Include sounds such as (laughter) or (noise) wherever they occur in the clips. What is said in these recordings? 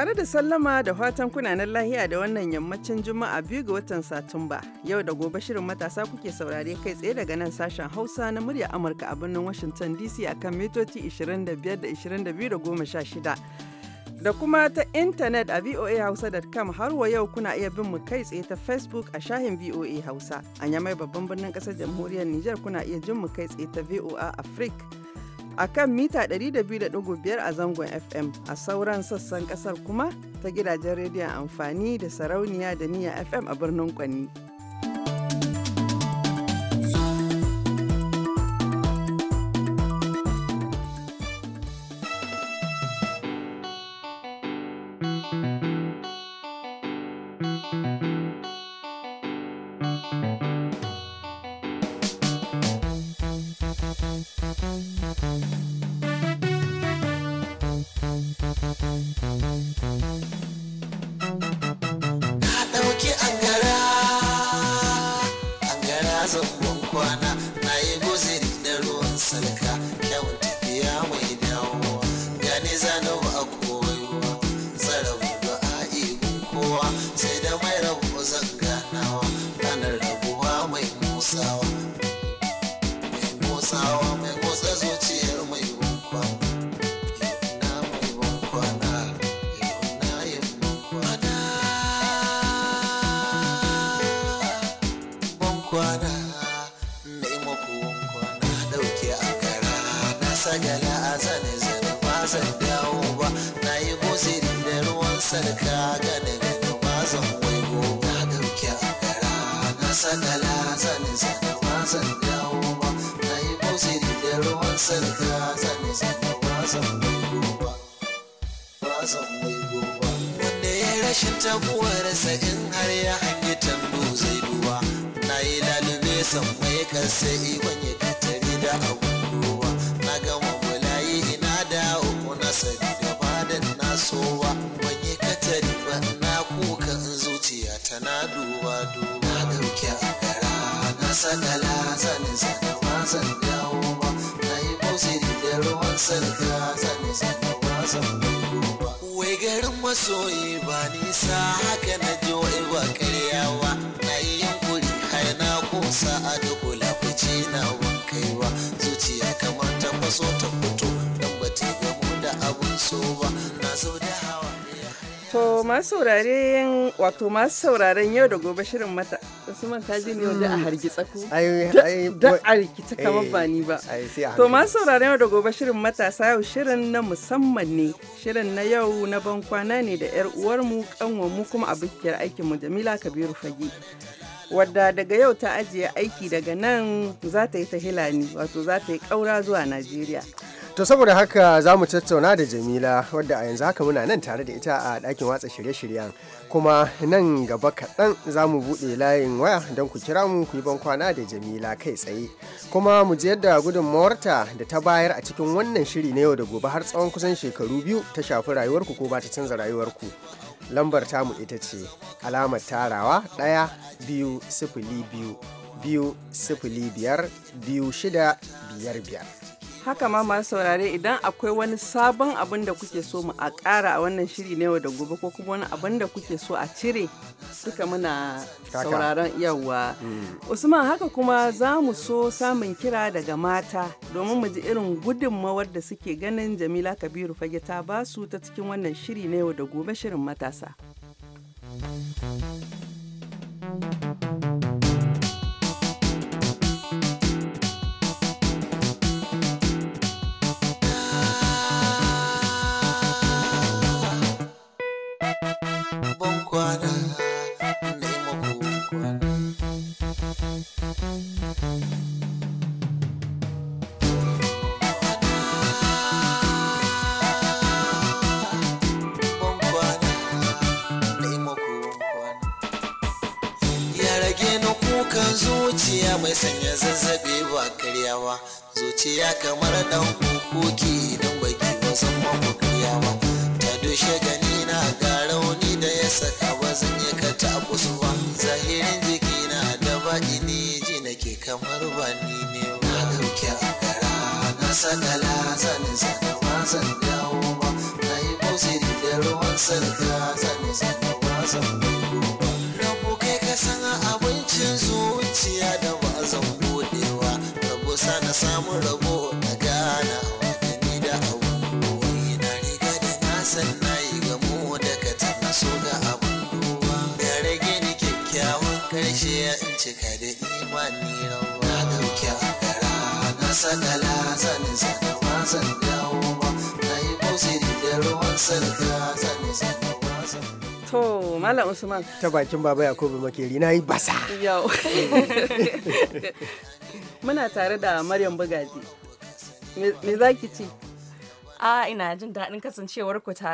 Tare da sallama da fatan kunanan lahiya da wannan yammacin Juma'a biyu ga watan Satumba. Yau da gobe shirin matasa kuke saurare kai tsaye daga nan sashen Hausa na murya Amurka a birnin Washington DC akan mitoci 25 da 22 da 16. Da kuma ta intanet a voahausa.com har wa yau kuna iya bin mu kai tsaye ta Facebook a shahin VOA Hausa. A yamai babban birnin ƙasar jamhuriyar niger kuna iya jin mu kai tsaye ta VOA Africa. a kan mita 200.5 a zangon FM a sauran sassan kasar kuma ta gidajen rediyon amfani da sarauniya da niya FM a birnin Kwanni. sarka ga daga ba zan waigo ta dauki a kara na sadala zan zan ba zan dawo ba na yi kusiri da ruwan sarka zan zan ba zan waigo ba ba zan waigo ba wanda ya rashin tabuwarsa in har ya hangi tambo zai duwa na yi lalube san mai kasa iban ya katari da abubuwa. na gama bulayi ina da uku na sadi da badan na sakala zane zane ba zan dawo ba na yi kusiri da ruwan sarka zane zane ba zan wai garin masoyi ba nisa haka na ji wai ba karyawa na yi yankuri har na kusa a dukula fice na wankaiwa zuciya kamar ta faso ta fito dan ba ta gamu da abin so ba na zau da To masu saurare wato masu sauraren yau da gobe shirin mata man ta ji ne wanda a hargitsa ku da a rikita kamar ba ni ba. To masu sauraren yau da gobe shirin matasa yau shirin na musamman ne shirin na yau na ban kwana ne da yar uwarmu mu kuma abokiyar mu Jamila Kabiru Fage. wadda daga yau ta ajiye aiki daga nan za ta yi ta hilani wato za ta yi kaura zuwa najeriya To saboda haka za mu tattauna da Jamila wadda a yanzu haka muna nan tare da ita a ɗakin watsa shirye-shiryen kuma nan gaba kaɗan za mu buɗe layin waya don ku kira mu ku yi bankwana da Jamila kai tsaye kuma mu je yadda gudunmawarta da ta bayar a cikin wannan shiri na yau da gobe har tsawon kusan shekaru biyu ta shafi rayuwarku ko ba ta canza rayuwarku. Lambar tamu ita ce alamar tarawa ɗaya biyu sifili biyu biyu sifili biyar biyu shida biyar biyar. Haka ma masu saurare idan akwai wani sabon abin da kuke so mu a kara a wannan shiri na yau da gobe ko kuma wani abin da kuke so a cire suka muna sauraron yawwa mm. Usman haka kuma za mu so samun kira daga mata domin mu ji irin gudunmawar da suke ganin Jamila Kabiru fage ta ba su ta cikin wannan shiri na yau da gobe shirin matasa. ban kwana na yi maku kwana. kukan zuciya mai sanya zazzabe ba karyawa zuciya kamar dan koki kamar ba ne ba dauke a kara na sakala sani sani ba dawo ba na yi kusiri da ruwan sarka sani sani ba dawo rabu kai ka san abincin zuciya da ba zan budewa rabu sana samun rabo na gana ni da abubuwa na riga da na san na yi gamo da ka tana so ga abubuwa ya rage ni kyakkyawan karshe ya in cika da imani sakala zane zane wa zan na yi kusiri da ruwan sarka zane zane wa To, Malam Usman. Ta bakin Baba Yakubu Makeri na yi basa. Yau. (laughs) Muna tare da Maryam Bugaji. Me za ki ci? A ina jin daɗin kasancewar ku ta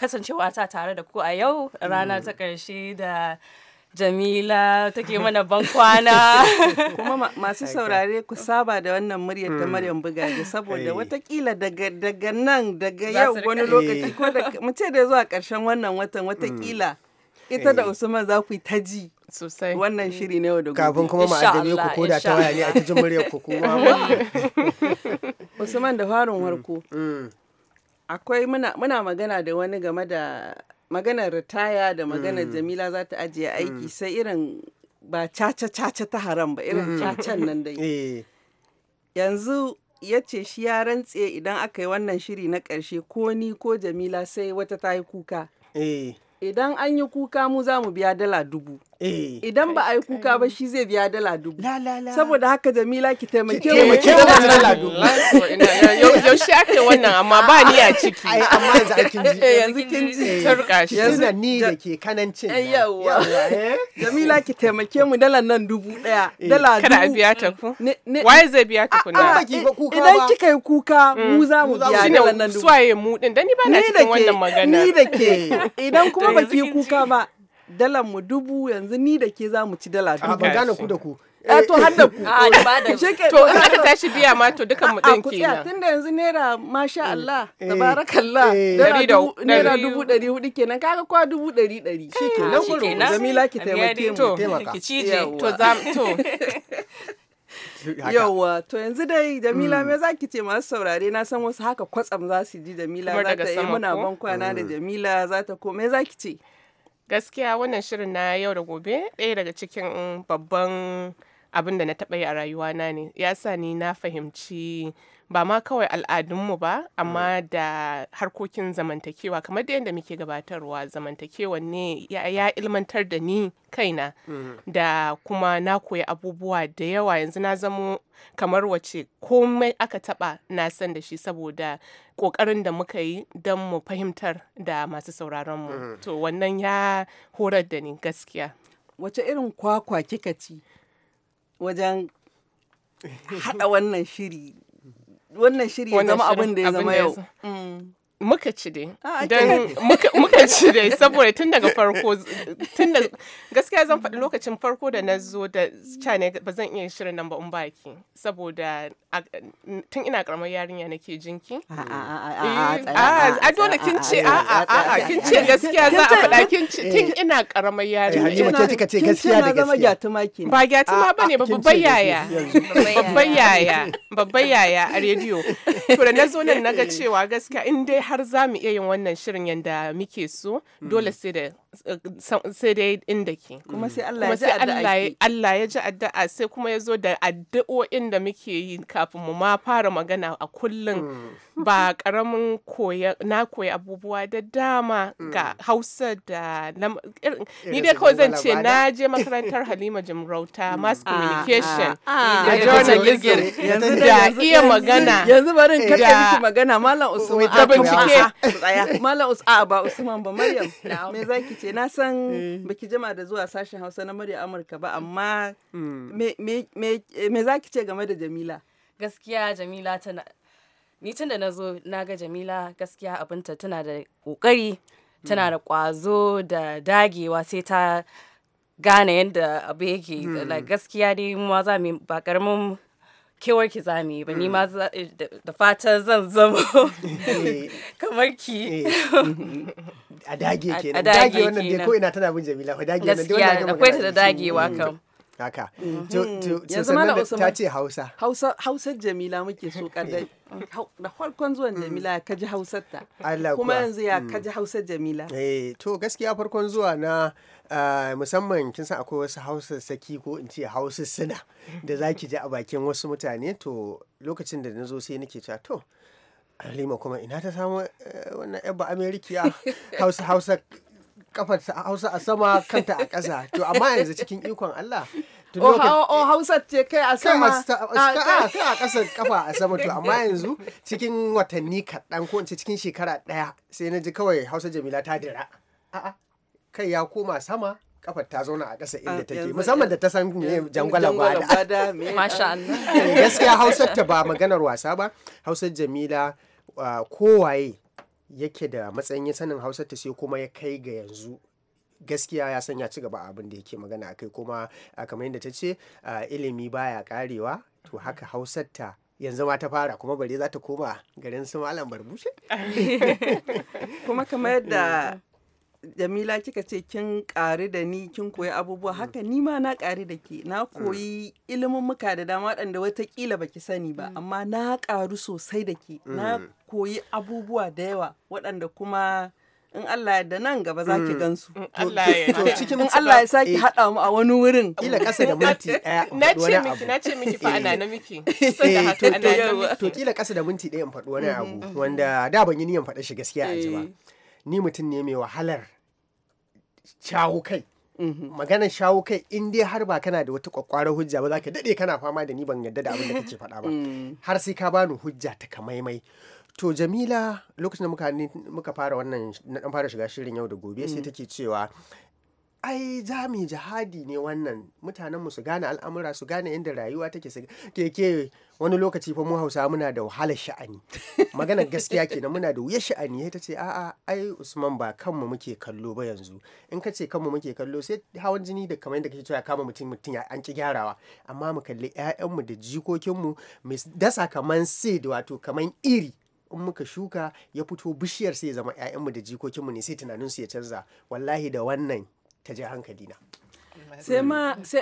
kasancewa ta tare da ku a yau rana ta mm. ƙarshe da Jamila take (laughs) mana ban kwana. Kuma masu saurare ku saba da wannan muryar ta hmm. Maryam Bugaje saboda watakila daga nan daga yau wani lokaci eh. ko da mu ce da zuwa karshen wannan watan hmm. watakila ita da Usman za ku taji ta ji. sosai wannan shiri ne da gobe kafin kuma ma'adabe ku da ta waya ne a jin muryar ku kuma (laughs) (laughs) Usman da farin warko hmm. akwai muna magana da wani game da maganar ritaya da maganar mm. jamila za ta ajiye mm. aiki sai irin ba caca caca ta haram ba irin mm-hmm. cacan nan dai eh. yanzu ya ce shi ya rantse idan aka yi wannan shiri na karshe ko ni ko jamila sai wata ta yi kuka eh. idan an yi kuka mu za mu biya dala dubu Eh. Idan ba a yi kuka ba shi zai biya dala dubu. Saboda haka Jamila ki taimake mu ki dala dala dubu. Yaushe ake wannan amma ba ni a ciki. Amma yanzu kin ji. Eh, yanzu kin ni da ke kanancin. Eh, Yawwa. Jamila ki taimake mu dala nan dubu daya. Dala dubu. Kada a biya ta ku. Waye zai biya ta ku na? Idan kika yi kuka mm. mu za mu biya dala nan dubu. Suwaye mu din dan ni ba na cikin wannan magana. Ni da ke. (laughs) Idan kuma ba ki kuka ba Dalan mu dubu yanzu ni da ke za mu ci dala dubu. Ah, ban gane ku da ku. Eh to har da ku. (laughs) Ah, A ba da (laughs) to in aka (laughs) tashi biya ma to dukan mu din ah, kenan. Tun da yanzu naira masha Allah tabarakallah naira dubu ɗari hudu kenan kaga kowa dubu ɗari ɗari. Shi kenan kurum Jamila ki taimake mu taimaka. Ki cije to za to. yauwa to yanzu dai jamila mm. me za ki ce masu saurare na san wasu haka kwatsam za su ji jamila za ta yi muna bankwana da mm. jamila za ta ko me za ki ce gaskiya wannan shirin na yau da gobe ɗaya daga cikin babban abin da na taɓa yi a rayuwana ne ya sa ni na fahimci ba ma kawai al'adunmu ba amma mm. da harkokin zamantakewa kamar da yadda muke gabatarwa zamantakewa ne ya, ilmantar da ni kaina mm-hmm. da kuma na koyi abubuwa da yawa yanzu na zamo kamar wace komai aka taba na san da shi saboda kokarin da muka yi don mu fahimtar da masu sauraronmu mm-hmm. to wannan ya horar da ni gaskiya wace irin kwakwa kika ci wajen haɗa wannan shiri wannan shiri ya zama abin da ya zama yau mm. muka ci dai ah, don muka ci dai (laughs) saboda tun daga farko tun da gaskiya zan faɗi lokacin farko da na zo da cane ba zan iya shirin nan ba in baki saboda tun ina karamar yarinya nake jinki a ah, ah, eh, dole kin ce a a kin ce gaskiya za a faɗa kin ce tun eh. ina karamar eh, yarinya kin ce kika A'a, gaskiya da gaskiya ba gyatuma bane ba babban yaya babban yaya babban yaya a rediyo to da na zo nan naga cewa gaskiya in dai har za mu iya yin wannan shirin yadda muke so dole mm. sai da sai dai inda ke mm-hmm. kuma sai Allah ya ji addu'a sai kuma ya zo da addu'o'in da muke yi kafin mu ma fara magana a kullum mm. ba karamin na koya abubuwa da dama mm. ga Hausa da ni dai kawai zan ce na je makarantar (laughs) Halima Jimrauta mm. mass ah, ah. communication ah, da journalism da iya magana yanzu barin kake miki magana Malam Usman da bincike Malam Usman ba Maryam (laughs) me zaki ce ce na san eh. baki jima da zuwa sashen hausa na murya amurka ba mm. amma mm. Eh, me za ki ce game da jamila gaskiya jamila tana ni tun da na na ga jamila gaskiya abinta tana da kokari tana mm. da kwazo da dagewa sai ta gane yadda abu yake gaskiya dai mu za mu ba karamin kewar ki za mu yi ba ni ma mm. eh, da fatan zan zama eh. (laughs) kamar ki eh. (laughs) a dage kenan dage wannan ko ina tana bin Jamila ko dage wannan dai wannan akwai ta da dagewa kam haka mhm. zama da usman ta ce hausa hausa jamila muke so kadai da farkon zuwan mm. jamila ya kaji hausar ta kuma yanzu ya mm. kaji Hausa hausar jamila eh to gaskiya farkon zuwa na ah, musamman kin san akwai wasu hausa saki ko in ce hausa suna da zaki ji a bakin wasu mutane to lokacin da na zo sai nake cewa to Halima kuma ina ta samu eh, wannan yabba Amerikiya Hausa Hausa kafarsa hausa a sama kanta a ƙasa to amma yanzu cikin ikon Allah o oh, oh, hausa ce kai a sama ah, ah, kai a ƙasa kafa a sama to amma yanzu cikin watanni kaɗan ko in ce cikin shekara ɗaya sai na ji kawai hausa jamila ta dira a'a kai ya koma sama kafar ta zauna a ƙasa inda take musamman da ta san jangwala gwada eh, gaskiya hausar ta ba maganar wasa ba hausar jamila ah, kowaye yake da matsayin sanin hausa ta sai kuma ya kai ga yanzu gaskiya ya sanya ci gaba abin da yake magana akai kuma kamar yadda ta ce ilimi baya karewa to haka hausar ta yanzu ma ta fara kuma bare za ta koma garin su malam barbushe (laughs) kuma kamar yadda eh. jamila kika ce kin ƙari da ni kin koyi abubuwa haka ni ma na ƙari da ke na koyi muka da dama waɗanda watakila baki sani ba amma na ƙaru sosai da ke na koyi abubuwa da yawa waɗanda kuma in Allah da nan gaba zaki gan su cikin in Allah ya saki haɗa mu a wani wurin. Kila ƙasa da minti ɗaya. Na ce miki na ce miki fa ana na miki. To kila ƙasa da minti ɗaya in faɗi wani abu wanda da ban yi niyan faɗa shi gaskiya a ji ni mutum ne mai wahalar shawo kai mhm. maganar shawo kai in dai har ba kana da wata kwakwarar hujja ba za ka daɗe kana fama da ni ban yadda da abin da kake faɗa ba mm. har sai ka bani hujja ta ka maimai. to jamila lokacin da muka, fara wannan na dan fara shiga shirin yau da gobe sai mm. take cewa ai za mu jihadi ne wannan mutanen mu su gane al'amura su gane yadda rayuwa take su keke wani lokaci fa mu Hausa muna da wahalar sha'ani magana gaskiya kenan muna da wuya sha'ani ya tace a'a ai Usman ba kanmu muke kallo ba yanzu in ka ce kanmu muke kallo sai hawan jini da kamar yadda kake cewa kama mutum mutum an ki gyarawa amma mu kalli mu da jikokinmu mu dasa kaman seed wato kaman iri in muka shuka ya fito bishiyar sai ya zama 'ya'yanmu da jikokinmu ne sai tunaninsu ya canza wallahi da wannan ta je hankali na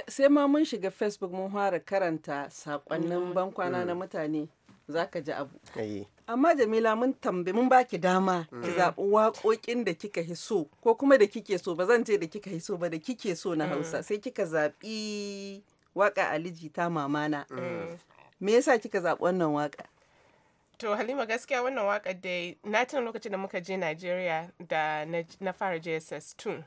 sai ma mun shiga facebook mun fara karanta sakonnin mm. bankwana na mm. mutane za ka ji abu amma jamila mun tambi mun baki dama ki mm. zaɓi waƙoƙin da kika hi so ko kuma da kike so ba zan ce da kika hi so ba da kike so na hausa sai kika zaɓi waƙa aliji ta mamana me yasa kika zaɓi wannan waƙa To Halima gaskiya wannan waƙa dai na tuna lokacin da muka je Najeriya da na fara JSS 2.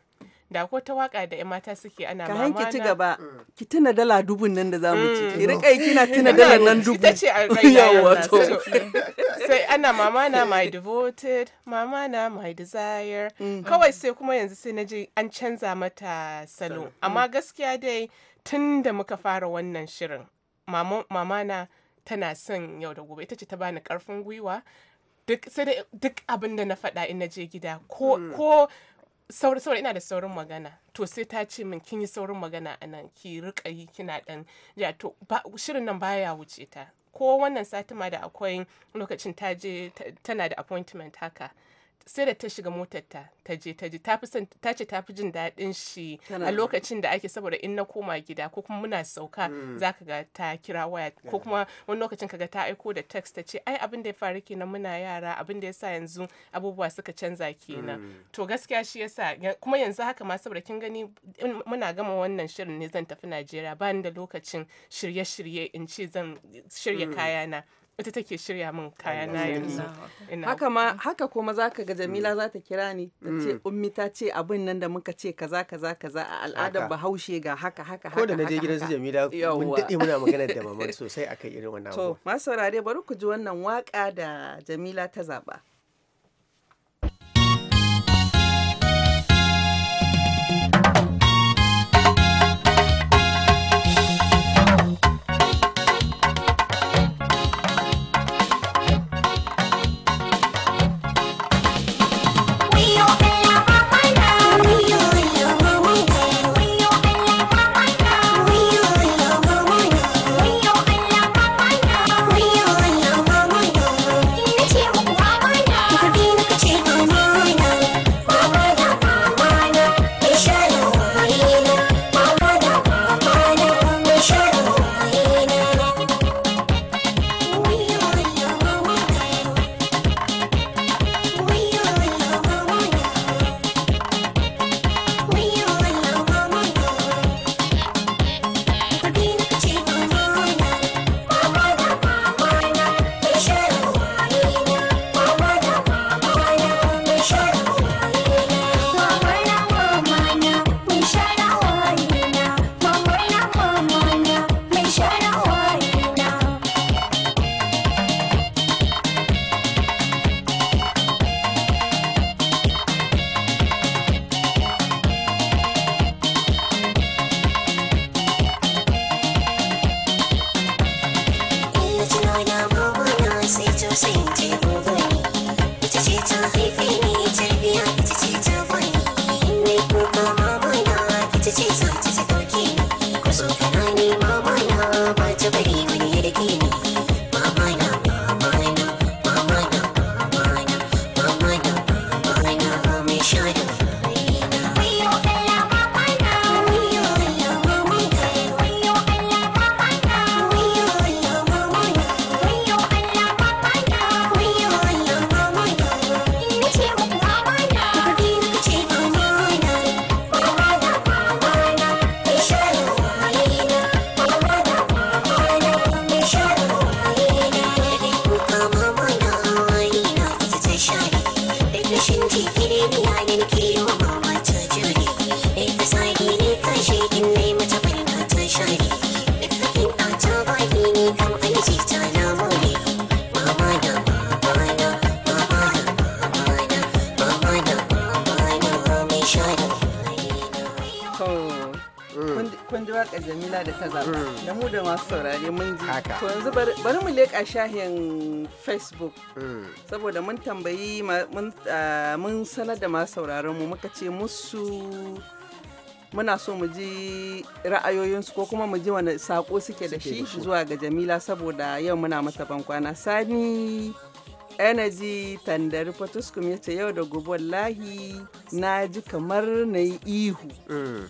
da ko ta waka da yan mata suke ana mamana ka hanki ci gaba mm. ki tuna dala dubun nan da zamu ci mm. ki rika kina tuna dala nan dubu ita ce a rayuwa (laughs) (laughs) sai ana mamana my devoted mamana my desire mm. kawai sai kuma yanzu sai naji an canza mata salo amma gaskiya dai tun da muka fara wannan shirin mamana tana son yau da gobe ita ce ta bani karfin gwiwa duk abin da na faɗa in na je gida ko Sauri-sauri, ina da saurin magana to sai ta ce min kin yi saurin magana a nan ki rika yi kina dan Ya to shirin nan baya wuce ta ko wannan satima da akwai lokacin ta je tana da appointment haka sai da ta shiga motarta ta je ta ji ta ce ta fi jin daɗin shi a lokacin da ake saboda in na koma gida ko kuma muna sauka mm. za ka ga ta kira waya ko kuma wani lokacin ka ga ta aiko da text ta ce ai abin da ya faru kenan muna yara abin da ya sa yanzu abubuwa suka canza kenan mm. to gaskiya shi yasa kuma yanzu haka ma saboda kin gani muna gama wannan shirin ne zan tafi Najeriya ba ni da lokacin shirye-shirye in ce zan shirya mm. kayana ita take shirya min kaya na yanzu haka ma haka kuma zaka ga Jamila mm. za ta kira ni ta ce mm. ummi ta ce abin nan da muka ce kaza kaza kaza a al'adar Bahaushe ga haka haka haka ko da naje gidan su Jamila mun dade muna (laughs) magana da mamar sosai akan irin wannan to masu saurare bari ku ji wannan waka da Jamila ta zaba kaza mm. da mu da masu saurare mun ji to yanzu bari mu leƙa shahin facebook mm. saboda mun tambayi ah, mun sanar da masu sauraron mu muka ce musu muna so mu ji ra'ayoyinsu ko kuma mu ji wani sako suke da shi zuwa ga jamila saboda yau muna mata bankwana sani energy tandari fatuskum ya ce yau da gobe wallahi na ji kamar na yi ihu mm.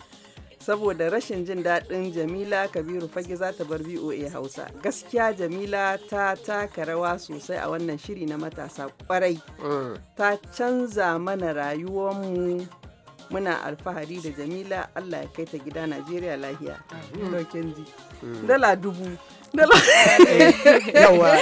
saboda rashin jin daɗin Jamila Kabiru Fage za ta bar BOA Hausa. Gaskiya Jamila ta taka rawa sosai a wannan shiri na matasa kwarai. Mm. Ta canza mana rayuwanmu muna alfahari da Jamila Allah ya kai ta gida Najeriya lahiya. Mm. Dala dubu. Eh, yawa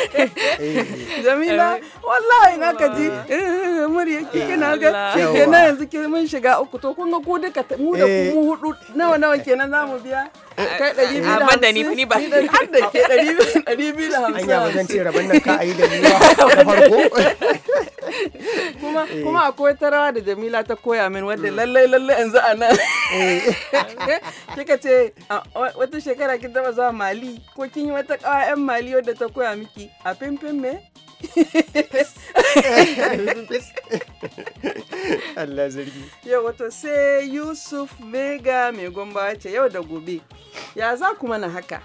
jamila eh. wallahi na ka ji eh, murya kike na ga kenan yanzu mun shiga uku to kun ga ku duka mu da mu hudu nawa nawa kenan zamu biya kai ɗari biyu da hamsin ba ɗari biyu da hamsin anya ba zan ce rabon nan ka ayi da (laughs) da farko kuma eh. kuma akwai ta rawa da Jamila ta koya min wadda lallai lallai yanzu a nan eh. (laughs) kika ce wata shekara kin taba zuwa Mali ko kin yi wata kawa yan Mali wadda ta koya miki a fimfin me (laughs) Allah zargi. Yau wato sai Yusuf Mega mai gomba ce yau da gobe. Ya za ku mana haka?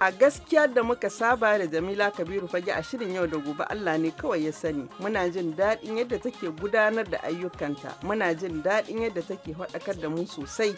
A gaskiya da muka saba da Jamila Kabiru fage a shirin yau da gobe Allah ne kawai ya sani. Muna jin daɗin yadda take gudanar da ayyukanta. Muna jin daɗin yadda take faɗakar da mu sosai.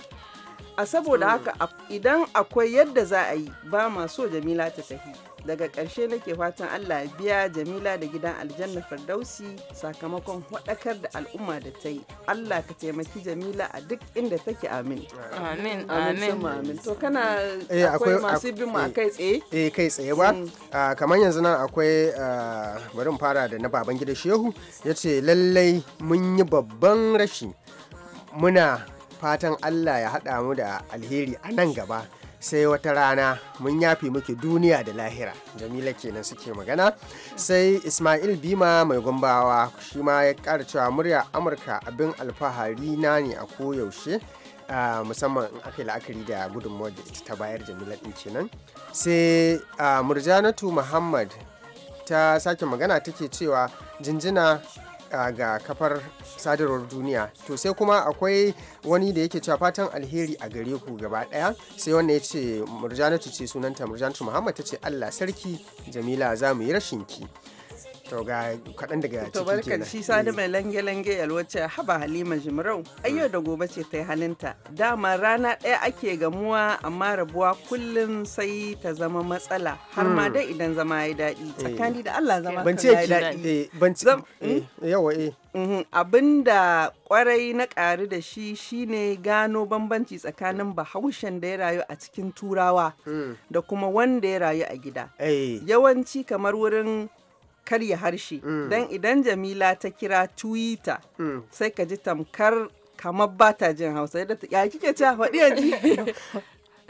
a saboda hmm. haka idan akwai yadda za a yi ba ma so jamila ta tafi daga ƙarshe nake fatan allah ya biya jamila da gidan aljanna firdausi sakamakon haɗakar da al'umma da ta yi allah ka taimaki jamila a duk inda take amin amin amin amin to kana eh, akwai masu bin ma eh, kai tsaye eh kai tsaye ba hmm. ah, kamar yanzu nan akwai ah, bari mu fara da na baban shehu yace lallai mun yi babban rashi muna fatan allah ya haɗa mu da alheri a nan gaba sai wata rana mun yafi muke duniya da lahira jamila kenan suke magana sai ismail bima mai gumbawa shi ma ya ƙara cewa murya amurka abin alfahari na ne a koyaushe ah, musamman in aka yi la'akari da gudunmawar da ita ta bayar jamila ɗin kenan sai ah, murjanatu muhammad ta sake magana take cewa jinjina ga kafar sadarwar duniya to sai kuma akwai wani da yake cewa fatan alheri a gare ku gaba daya sai wanda ya ce murjanatu ce sunanta murjanatu muhammad ta ce allah sarki jamila za mu yi rashinki. to ga kaɗan daga cikin kenan. barkan shi sani eh. mai lange-lange yalwace haba halima jimarau ayyau da gobe ce ta yi halinta dama rana ɗaya ake gamuwa amma rabuwa kullum sai ta zama matsala har ma hmm. dai idan zama ya yi daɗi eh. tsakani da allah zama kan ya daɗi eh, hmm? yawa mm-hmm. abin kwarai na ƙari da shi shine gano bambanci tsakanin bahaushen da ya rayu a cikin turawa hmm. da kuma wanda ya rayu a gida yawanci kamar wurin karya harshe mm. don idan jamila ta kira twitter mm. sai ka ji tamkar kamar ba ta jin hausa yadda ta ya kike ta (laughs) faɗi ya ji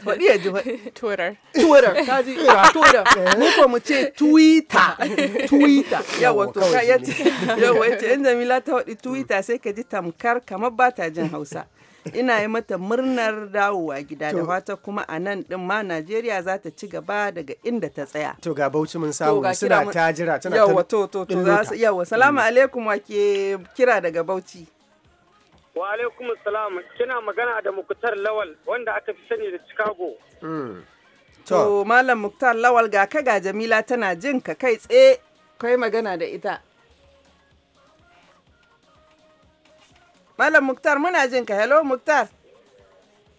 faɗi ya ji twitter twitter ta ji twitter mu ko mu ce twitter (laughs) twitter Ya to ka yace yawa jamila ta faɗi twitter sai ka ji tamkar kamar ba ta jin hausa (laughs) ina yi mata murnar dawowa gida da fata kuma a nan din ma Najeriya za ta ci gaba daga inda ta tsaya. To ga Bauchi mun samu suna ta jira tana ta Yawwa to to to za su yawwa salamu mm. alaikum wa ke kira daga Bauchi. Wa alaikum salam kina magana da Muktar Lawal wanda aka fi sani da Chicago. Mm. To Malam Muktar Lawal ga ka ga Jamila tana jin ka kai tsaye kai magana da ita. Malam Muktar muna jin ka. Hello Muktar.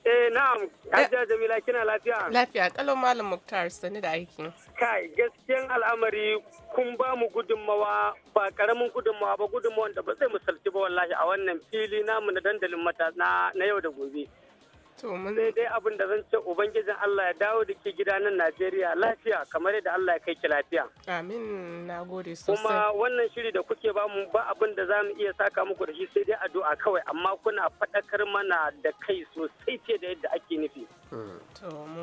Eh na'am, eh. Hajja Jamila kina lafiya? Lafiya, kalo Malam Muktar sani da aiki. Kai, gaskiyan al'amari kun ba mu gudunmawa ba karamin gudunmawa ba gudunmawa da ba zai misalci ba wallahi a wannan fili namu na dandalin mata na yau da gobe. sai dai abin da zan ce ubangijin Allah ya dawo da ke gidanan Najeriya lafiya kamar yadda Allah ya kai ki lafiya. Amin na sosai. Kuma wannan shiri da kuke ba mu ba abin da za mu iya saka muku da shi sai dai addu'a kawai amma kuna faɗakar mana da kai sosai ce da yadda ake nufi. Hmm.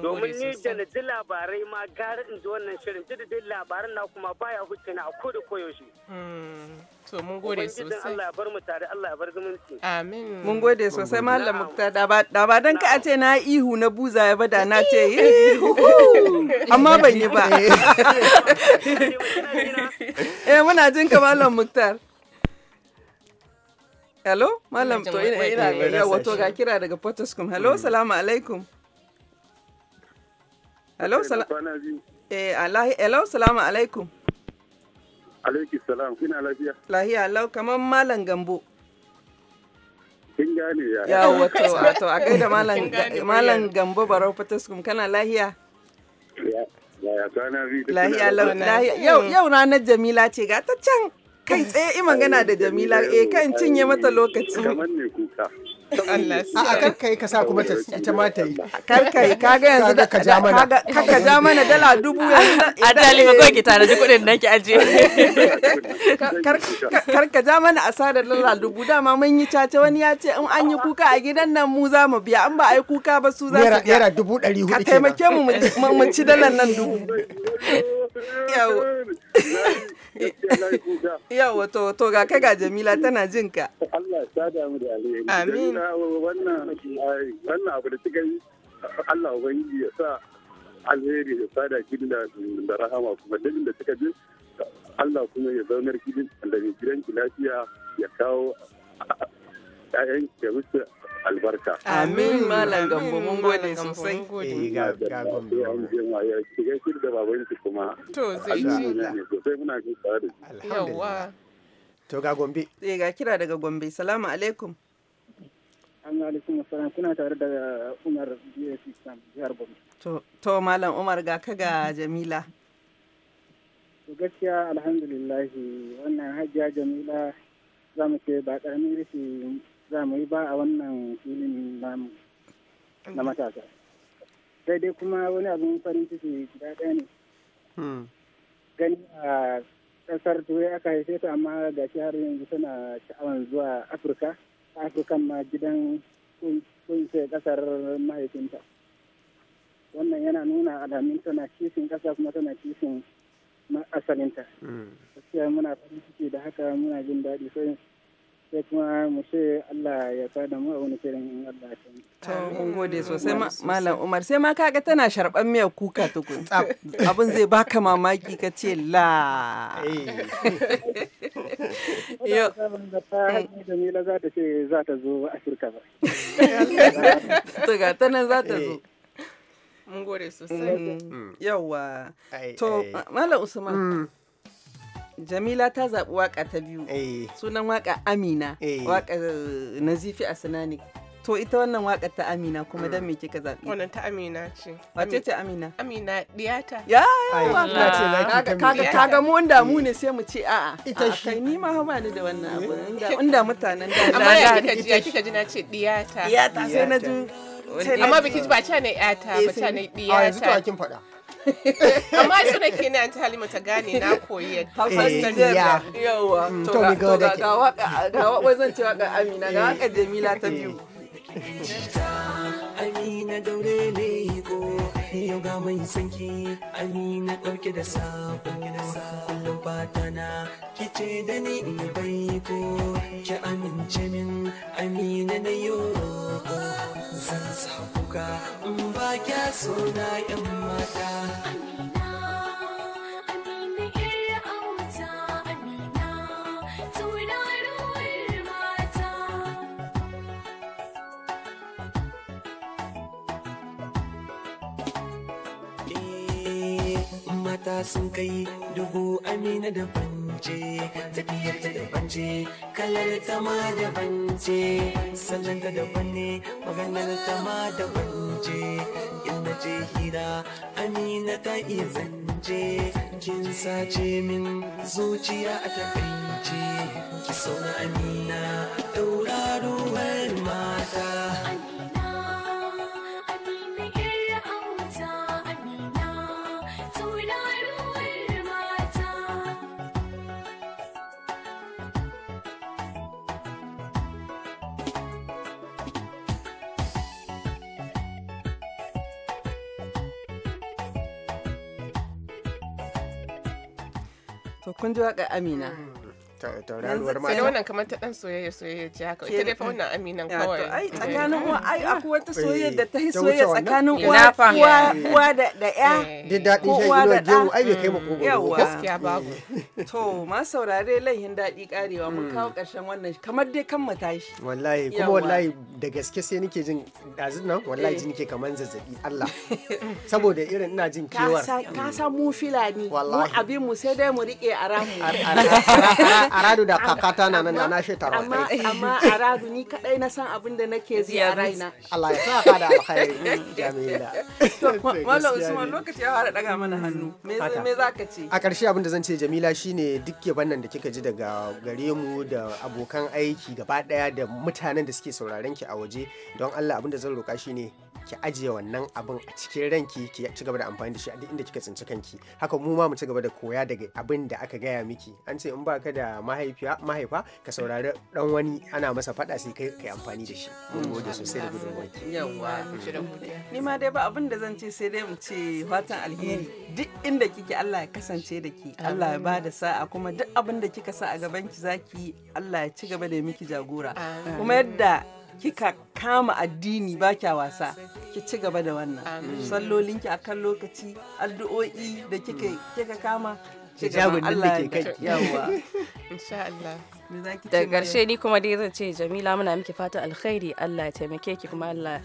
Domin ni da na ji labarai ma gara in ji wannan shirin ji da labaran na kuma baya huce na a koda da koyaushe. Hmm. To mun gode sosai. Allah ya bar mu tare, Allah ya bar zumunci. Amin. Mun gode sosai Malam Mukta da ba da ba dan ka a ce na ihu na buza ya bada na ce (laughs) amma ban yi ba. (laughs) Eh muna jin ka Malam Muktar. Hello, Malam to ina ina ga wato ga kira daga Potoskum. Mm. Eh, hello, salamu alaikum. Hello, salamu. Eh, Allah, hello, salamu alaikum. alaiki salam kina lafiya lahiya lau kamar malam gambo kin gane ya ya wato wato a gaida (laughs) malam gambo barau fataskum kana lahiya lahiya lau yau yau ranar jamila ce ga ta can kai tsaye i magana da jamila eh kan cinye mata lokaci kamar ne kuka A'a kar ka yi ka sa kuma ta ita ma ta yi. Kar ka kai kaga yanzu da ka ja mana. Kar ka ja mana dala dubu yanzu. A dalin ka kawai ki tanaji kuɗin nan ki ajiye. (laughs) Kar ka ja mana asarar dala dubu dama mun yi cace, wani ya ce in an yi kuka a gidan nan mu za mu biya in ba a yi kuka ba su za su biya. Naira dubu ɗari hudu. Ka taimake mu mu ci dalar nan dubu. (laughs) Yau. (laughs) yawa to to ga kai ga jamila tana jin ka Allah ya sada mu da alheri amin wannan wannan abu da kika yi Allah ubangiji ya sa alheri ya sada ki da da rahama kuma dukkan da kika ji Allah kuma ya zaunar ki da gidan lafiya ya kawo ƴaƴan ke musu albarka. Amin malam gambo mun gode sosai. Eh ga ga gombe. Ya shiga shi da baban shi kuma. To zai ji. Sosai muna jin tsari. Yawwa. To ga gombe. Eh ga kira daga gombe. Salamu alaikum. An ga alaikum assalam kuna tare da Umar BS Islam jihar Gombe. To malam Umar ga ka ga Jamila. To gaskiya alhamdulillahi wannan hajjia Jamila za mu ke ba ƙaramin rufin za mu yi ba a wannan filin namu na matasa sai dai kuma wani abin farin ciki guda ɗaya ne hmm. gani a ƙasar turai aka haife ta amma ga shi har yanzu tana sha'awan zuwa afirka afirka ma gidan kunce ƙasar mahaifinta wannan yana nuna alamin tana kishin ƙasa kuma tana kishin asalinta hmm. gaskiya muna farin ciki da haka muna jin daɗi sai sai kuma mu ce Allah ya kada mu a wani kiran in Allah ya To, mun gode sosai Malam Umar. Sai ma ga tana sharban miyar kuka tukun. Abin zai baka mamaki ka ce la. Eh. Yau. da mm. za ta ce za ta zo Afirka ba. (laughs) To ga ta nan za ta zo. Eh. Mun gode sosai. Mm. Yawwa. To, Malam Usman. Mm. Jamila ta zaɓi waƙa ta biyu. Eh. Sunan waƙa Amina. Eh. Waƙa eh, Nazifi Asinani. To ita wannan waƙa ta Amina kuma dan me kika zaɓi? Wannan ta Amina ce. Wace ce Amina? Amina diyata. Ya ya Ka ga mu inda mu ne sai mu ce a'a. Ita shi. Kai ni ma hama ni da wannan abu. Inda mutanen da. Amma ya kika ji ya kika ji na ce diyata. Diyata sai na ji. Amma biki ba ce ne yata ba ce ne diyata. A yanzu to kin faɗa. amma shi ne ke nan halima ta gane na koyi yadda yawa mm, to ga waka ga waka zan ce waka amina ga eh. waka jamila ta biyu amina daure ne yau ga mai sanki amina ɗauke da sabo kullum fata na kice da ni in ko ki amince min amina na yau zan sa kuka in ba kya so na yan mata mata sun kai dubu amina da bance tafiyar ta da bance kalar ta ma da bance sallan ta da bane maganar ta ma da bance inda je hira amina ta iya zance kin sace min zuciya a takaice ki sauna amina kun ji waƙar amina mm. tauraruwar ma sai wannan kamar ta dan soyayya soyayya ce haka ita dai fa wannan aminan kawai ai tsakanin uwa ai ah. aku wata soyayya da ta yi soyayya tsakanin uwa uwa da da ya eh. da dadi shi da da ai bai kai mm. ko ba. gaskiya ku. (laughs) to ma saurare laihin dadi karewa mun mm. kawo karshen wannan kamar dai kan mu tashi wallahi kuma wallahi da gaske sai nake jin dazin nan wallahi eh. ji nake kaman zazzabi Allah (laughs) saboda irin ina jin kewar ka samu filani mu abin mu sai dai mu rike a ramu (laughs) aradu da kakata na nan na shi taro amma eh. amma aradu ni kadai na san abin da nake ji a raina Allah ya sa ka da alkhairi mm, jami'a to mallam (laughs) usman lokaci ya fara daga mana hannu me me zaka ce a ƙarshe abin da zan ce jamila shine duk yaban nan da kika ji daga gare mu da abokan aiki gaba daya da mutanen da suke sauraron ki a waje don Allah abin da zan roka shine ki ajiye wannan abin a cikin ranki ki ci gaba da amfani da shi a duk inda kika tsinci kanki haka mu ma mu ci gaba da koya daga abin da aka gaya miki an ce in baka da mahaifiya mahaifa ka saurari dan wani ana masa fada sai kai kai amfani da shi mun gode sosai da yawa ni ma dai ba abin da zan ce sai dai mu ce fatan alheri duk inda kike Allah ya kasance da ki Allah ya ba sa'a kuma duk abin da kika sa a gaban ki zaki Allah ya ci gaba da miki jagora kuma yadda kika kama addini ba kya wasa ki ci gaba da wannan sallolinki kan lokaci addu'o'i da kika kama hijabin nan da ke kai yawa (laughs) insha Allah da ƙarshe ni kuma dai zan ce Jamila muna miki fata alkhairi Allah ya taimake ki kuma Allah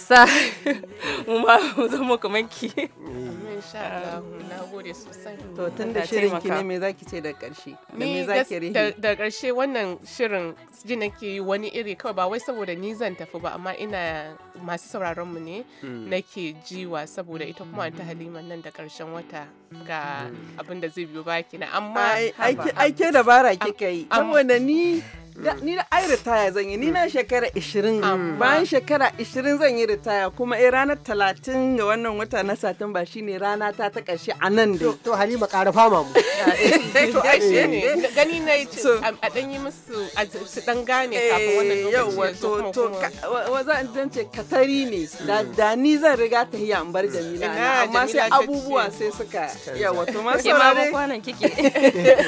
sa (laughs) mu ma mu zama kamar ki na gode sosai to tun da shirin ki ne me zaki ce da karshe me zaki rihi da karshe wannan shirin ji nake yi wani iri kawai ba wai saboda ni zan tafi ba amma ina masu sauraron mu ne hmm. nake jiwa saboda ita kuma ta halima nan da karshen wata ga hmm. abin da zai biyo baki na amma ai ke dabara kika yi saboda ni ni da ai ritaya zan yi ni na shekara 20 bayan shekara 20 zan yi ritaya kuma eh ranar 30 ga wannan wata na satumba shine rana ta ta karshe a nan da to halima ƙara fama mu eh, to ai shi ne eh. gani na yi a dan yi musu a su dan gane kafin eh, wannan lokaci to to wazan dan ce katari ne mm. da ni zan riga ta yi an bar jamila amma sai abubuwa sai suka yawa to ma saurare kwanan kike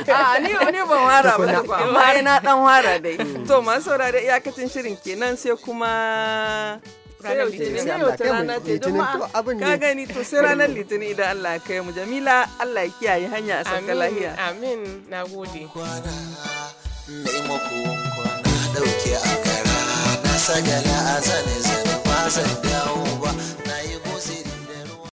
a (laughs) ah, ni ne ban wara ba amma na dan wara dai. Mm. To masu saurare iyakacin shirin kenan sai kuma litinin gani to ranar litinin idan Allah ya kai Jamila Allah ya kiyaye hanya a sakka lahiya amin na na sagala dawo ba